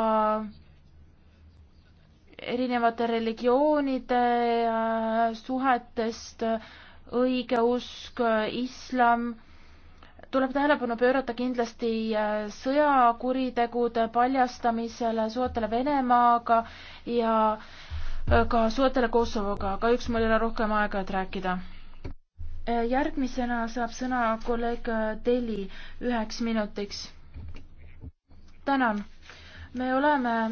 erinevate religioonide äh, suhetest, õigeusk, islam, tuleb tähelepanu pöörata kindlasti äh, sõjakuritegude paljastamisele, suhetele Venemaaga ja äh, ka suhetele Kosovoga, kahjuks mul ei ole rohkem aega, et rääkida. järgmisena saab sõna kolleeg Teli üheks minutiks tänan. me oleme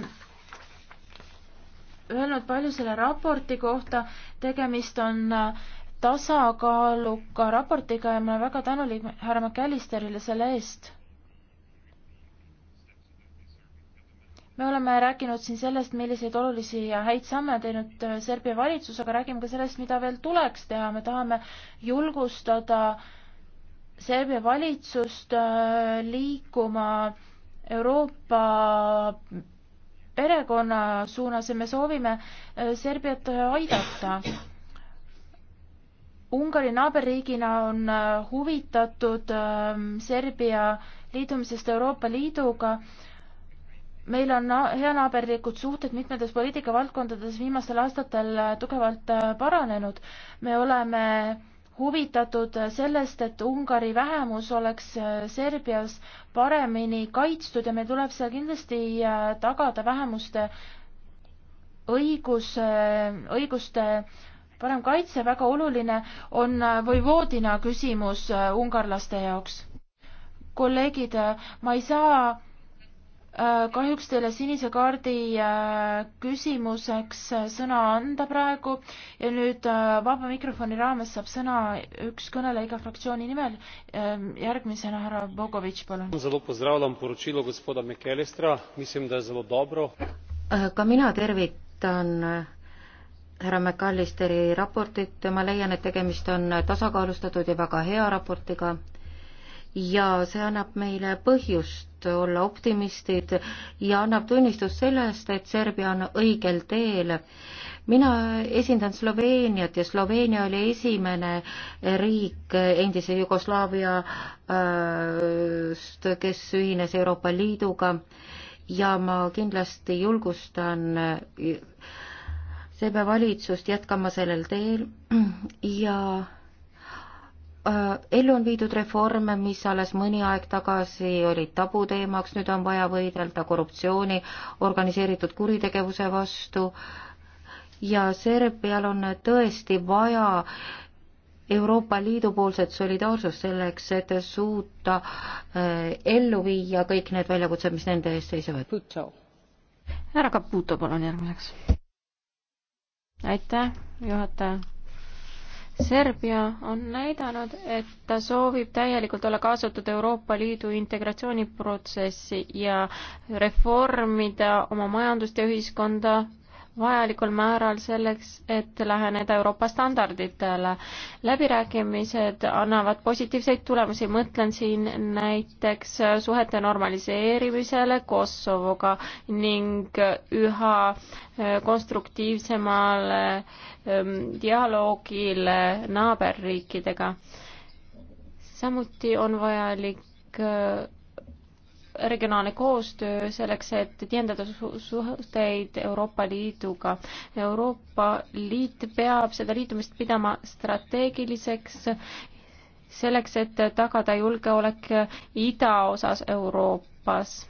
öelnud palju selle raporti kohta, tegemist on äh, tasakaaluka raportiga ja ma olen väga tänulik härra McAllisterile selle eest. me oleme rääkinud siin sellest, milliseid olulisi ja häid samme teinud äh, Serbia valitsus, aga räägime ka sellest, mida veel tuleks teha, me tahame julgustada Serbia valitsust äh, liikuma äh, Euroopa perekonna suunas ja me soovime äh, Serbiat äh, aidata. Ungari naaberriigina on äh, huvitatud ähm, Serbia liitumisest Euroopa Liiduga. meil on heanaaberlikud suhted mitmetes poliitikavaldkondades viimastel aastatel tugevalt paranenud. me oleme huvitatud sellest, et Ungari vähemus oleks äh, Serbias paremini kaitstud ja meil tuleb seal kindlasti äh, tagada vähemuste õigus, äh, õiguste parem kaitse, väga oluline on Vojvodina küsimus ungarlaste jaoks. kolleegid, ma ei saa Äh, kahjuks teile sinise kaardi äh, küsimuseks äh, sõna anda praegu ja nüüd vaba mikrofoni raames saab sõna üks kõneleja iga fraktsiooni nimel. Ähm, järgmisena härra Bogovitš, palun. ka mina tervitan härra McAllisteri raportit, ma leian, et tegemist on tasakaalustatud ja väga hea raportiga ja see annab meile põhjust põhjust olla optimistid ja annab tunnistust sellest, et Serbia on õigel teel. mina esindan Sloveeniat ja Sloveenia oli esimene riik endise Jugoslaaviast, äh, kes ühines Euroopa Liiduga ja ma kindlasti julgustan Serbia valitsust jätkama sellel teel ja Äh, ellu on viidud reforme, mis alles mõni aeg tagasi olid tabuteemaks, nüüd on vaja võidelda korruptsiooni, organiseeritud kuritegevuse vastu ja Serbial on tõesti vaja Euroopa Liidu poolset solidaarsust selleks, et suuta äh, ellu viia kõik need väljakutsed, mis nende ees seisavad. härra Caputo, palun järgmiseks. aitäh, juhataja Serbia on näidanud, et ta soovib täielikult olla kaasatud Euroopa Liidu integratsiooniprotsessi ja reformida oma majandust ja ühiskonda vajalikul määral selleks, et läheneda Euroopa standarditele. läbirääkimised annavad positiivseid tulemusi, mõtlen siin näiteks suhete normaliseerimisele Kosovoga ning üha eh, konstruktiivsemale ehm, dialoogile naaberriikidega. samuti on vajalik eh, regionaalne koostöö selleks, et tihendada suhteid Euroopa Liiduga. Euroopa Liit peab seda liitumist pidama strateegiliseks selleks, et tagada julgeolek idaosas Euroopas.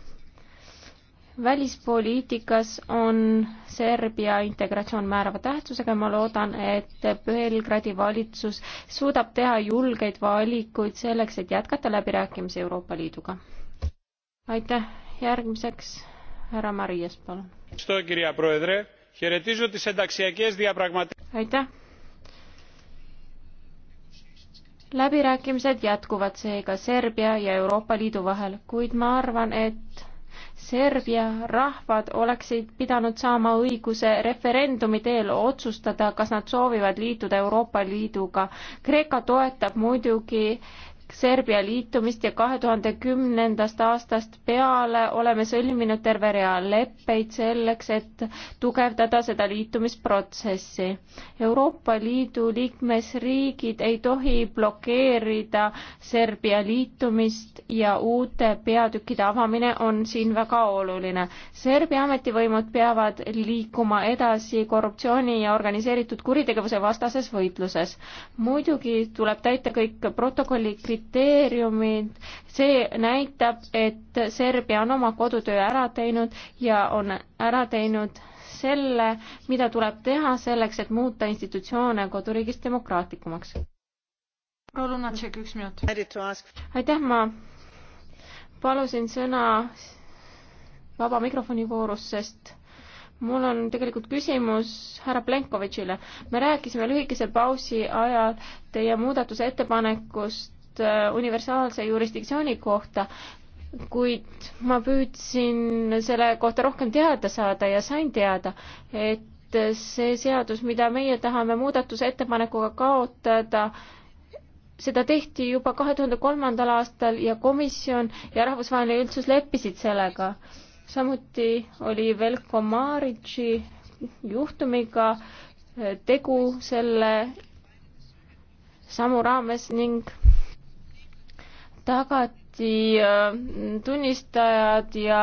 välispoliitikas on Serbia integratsioon määrava tähtsusega ja ma loodan, et Belgradi valitsus suudab teha julgeid valikuid selleks, et jätkata läbirääkimisi Euroopa Liiduga aitäh, järgmiseks härra Marias, palun. aitäh. läbirääkimised jätkuvad seega Serbia ja Euroopa Liidu vahel, kuid ma arvan, et Serbia rahvad oleksid pidanud saama õiguse referendumi teel otsustada, kas nad soovivad liituda Euroopa Liiduga. Kreeka toetab muidugi äh, Serbia liitumist ja kahe tuhande kümnendast aastast peale oleme sõlminud terve rea leppeid selleks, et tugevdada seda liitumisprotsessi. Euroopa Liidu liikmesriigid ei tohi blokeerida Serbia liitumist ja uute peatükkide avamine on siin väga oluline. Serbia ametivõimud peavad liikuma edasi korruptsiooni ja organiseeritud kuritegevuse vastases võitluses. muidugi tuleb täita kõik protokolli kriteeriumid, kriteeriumid, see näitab, et Serbia on oma kodutöö ära teinud ja on ära teinud selle, mida tuleb teha selleks, et muuta institutsioone koduriigis demokraatlikumaks. proua Lunatšek, üks minut. aitäh, ma palusin sõna vaba mikrofoni voorus, sest mul on tegelikult küsimus härra Plenkovitšile. me rääkisime lühikese pausi ajal teie muudatusettepanekust infot äh, universaalse jurisdiktsiooni kohta, kuid ma püüdsin selle kohta rohkem teada saada ja sain teada, et see seadus, mida meie tahame muudatuse ettepanekuga kaotada, seda tehti juba kahe tuhande kolmandal aastal ja komisjon ja rahvusvaheline üldsus leppisid sellega. samuti oli Velko Maritši juhtumiga äh, tegu selle samu raames ning tagati äh, tunnistajad ja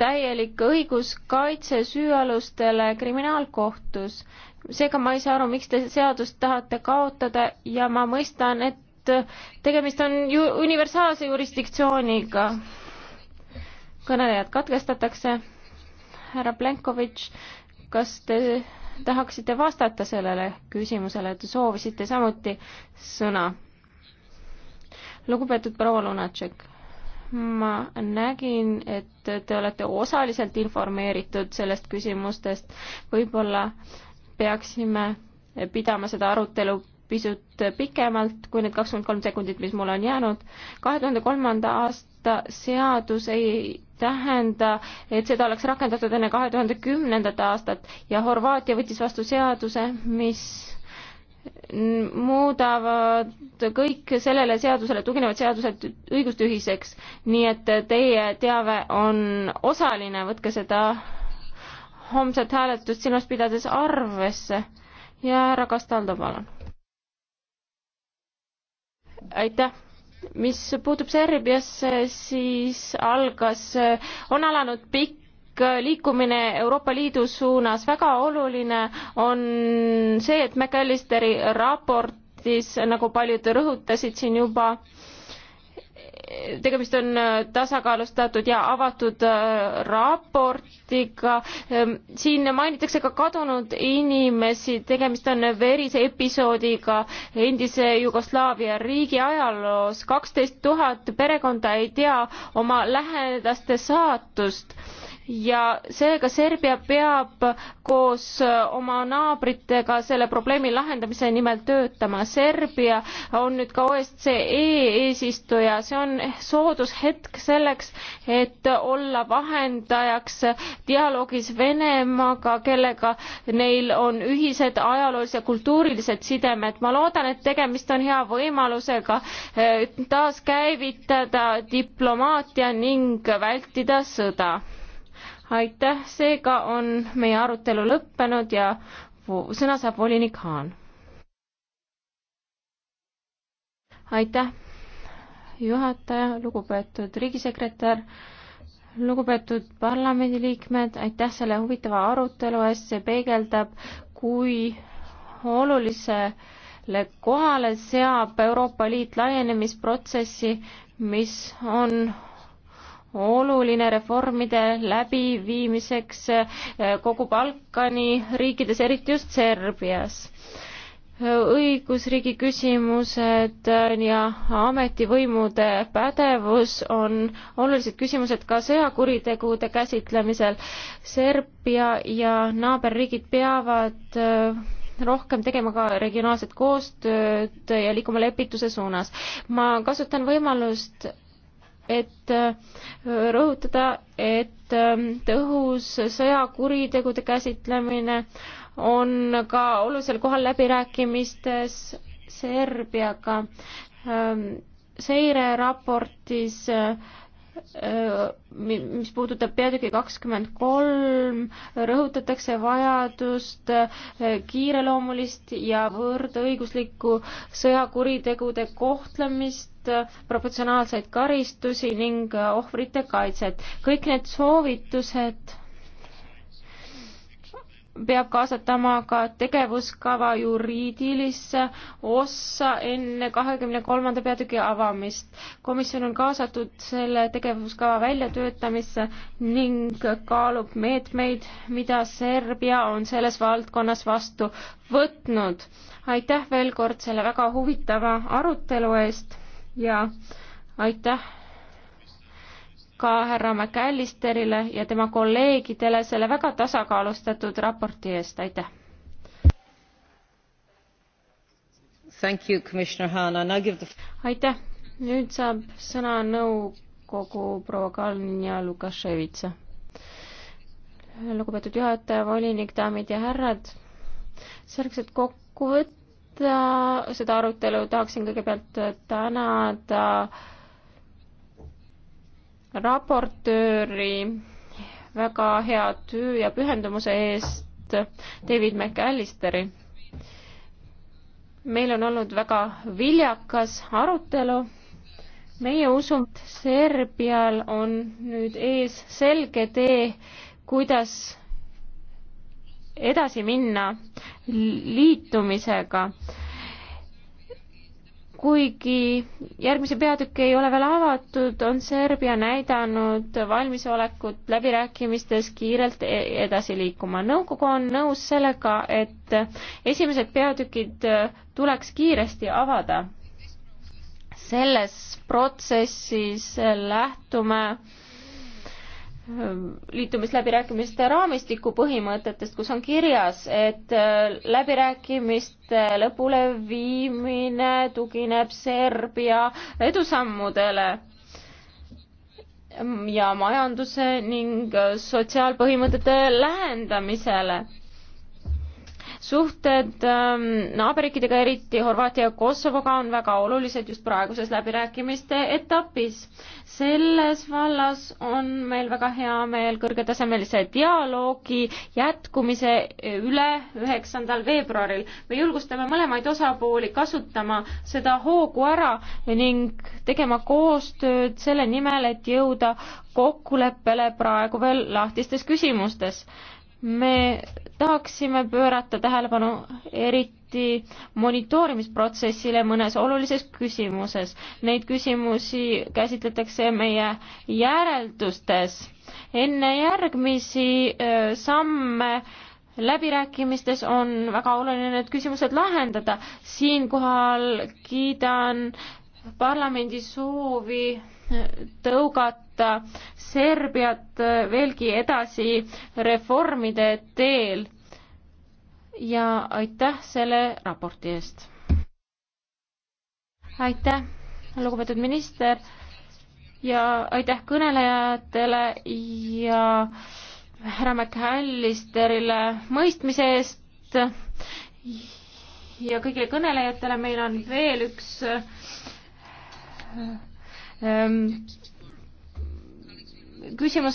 täielik õiguskaitse süüalustele kriminaalkohtus. seega ma ei saa aru, miks te seadust tahate kaotada ja ma mõistan, et tegemist on ju universaalse jurisdiktsiooniga. kõnelejad katkestatakse. härra Plenkovitš, kas te tahaksite vastata sellele küsimusele, te soovisite samuti sõna? lugupeetud proua Lunatšek, ma nägin, et te olete osaliselt informeeritud sellest küsimustest, võib-olla peaksime pidama seda arutelu pisut pikemalt kui need kakskümmend kolm sekundit, mis mul on jäänud. kahe tuhande kolmanda aasta seadus ei tähenda, et seda oleks rakendatud enne kahe tuhande kümnendat aastat ja Horvaatia võttis vastu seaduse, mis muudavad kõik sellele seadusele tuginevad seadused õigustühiseks, nii et teie teave on osaline, võtke seda homset hääletust silmas pidades arvesse ja härra Kastaldo, palun. aitäh mis puutub Serbiasse, siis algas, on alanud pikk liikumine Euroopa Liidu suunas. väga oluline on see, et McAllisteri raportis, nagu paljud rõhutasid siin juba, tegemist on äh, tasakaalustatud ja avatud äh, raportiga. Ehm, siin mainitakse ka kadunud inimesi, tegemist on verise episoodiga endise Jugoslaavia riigi ajaloos. kaksteist tuhat perekonda ei tea oma lähedaste saatust ja seega Serbia peab koos äh, oma naabritega selle probleemi lahendamise nimel töötama. Serbia on nüüd ka OSCE eesistuja, see on soodushetk selleks, et olla vahendajaks dialoogis Venemaaga, kellega neil on ühised ajaloolised ja kultuurilised sidemed. ma loodan, et tegemist on hea võimalusega äh, taaskäivitada diplomaatia ning vältida sõda aitäh, seega on meie arutelu lõppenud ja sõna saab volinik Haan. aitäh, juhataja, lugupeetud riigisekretär, lugupeetud parlamendiliikmed, aitäh selle huvitava arutelu eest, see peegeldab, kui olulisele kohale seab Euroopa Liit laienemisprotsessi, mis on oluline reformide läbiviimiseks eh, kogu Balkani riikides, eriti just Serbias. õigusriigi küsimused eh, ja ametivõimude pädevus on olulised küsimused ka sõjakuritegude käsitlemisel. Serbia ja naaberriigid peavad eh, rohkem tegema ka regionaalset koostööd ja liikuma lepituse suunas. ma kasutan võimalust, et äh, rõhutada, et ähm, tõhus sõjakuritegude käsitlemine on ka olulisel kohal läbirääkimistes Serbiaga. Ähm, seireraportis äh, Äh, mis puudutab peatüki kakskümmend kolm, rõhutatakse vajadust äh, kiireloomulist ja võrdõiguslikku sõjakuritegude kohtlemist, proportsionaalseid karistusi ning äh, ohvrite kaitset. kõik need soovitused peab kaasatama ka tegevuskava juriidilisse ossa enne kahekümne kolmanda peatüki avamist. komisjon on kaasatud selle tegevuskava väljatöötamisse ning kaalub meetmeid, mida Serbia on selles valdkonnas vastu võtnud. aitäh veel kord selle väga huvitava arutelu eest ja aitäh ka härra McAllisterile ja tema kolleegidele selle väga tasakaalustatud raporti eest, aitäh! The... aitäh, nüüd saab sõna nõukogu proua Kalnia Lukaševitsa. lugupeetud juhataja, volinik, daamid ja härrad, selleks, et kokku võtta seda arutelu, tahaksin kõigepealt tänada ta raportööri väga hea töö ja pühendumuse eest David McAllisteri. meil on olnud väga viljakas arutelu. meie usume, et Serbial on nüüd ees selge tee, kuidas edasi minna liitumisega kuigi järgmise peatükk ei ole veel avatud, on Serbia näidanud valmisolekut läbirääkimistes kiirelt e-, edasi liikuma. nõukogu on nõus sellega, et esimesed peatükid tuleks kiiresti avada. selles protsessis lähtume liitumisläbirääkimiste raamistiku põhimõtetest, kus on kirjas, et äh, läbirääkimiste lõpuleviimine tugineb Serbia edusammudele ja majanduse ning äh, sotsiaalpõhimõtete lähendamisele suhted ähm, naaberriikidega, eriti Horvaatia ja Kosovoga, on väga olulised just praeguses läbirääkimiste etapis. selles vallas on meil väga hea meel kõrgetasemelise dialoogi jätkumise üle üheksandal veebruaril. me julgustame mõlemaid osapooli kasutama seda hoogu ära ning tegema koostööd selle nimel, et jõuda kokkuleppele praegu veel lahtistes küsimustes me tahaksime pöörata tähelepanu eriti monitoorimisprotsessile mõnes olulises küsimuses. Neid küsimusi käsitletakse meie järeldustes. enne järgmisi samme läbirääkimistes on väga oluline need küsimused lahendada. siinkohal kiidan parlamendi soovi tõugata aidata Serbiat veelgi edasi reformide teel. ja aitäh selle raporti eest. aitäh, lugupeetud minister ja aitäh kõnelejatele ja härra McAllisterile mõistmise eest ja kõigile kõnelejatele, meil on veel üks ähm, küsimus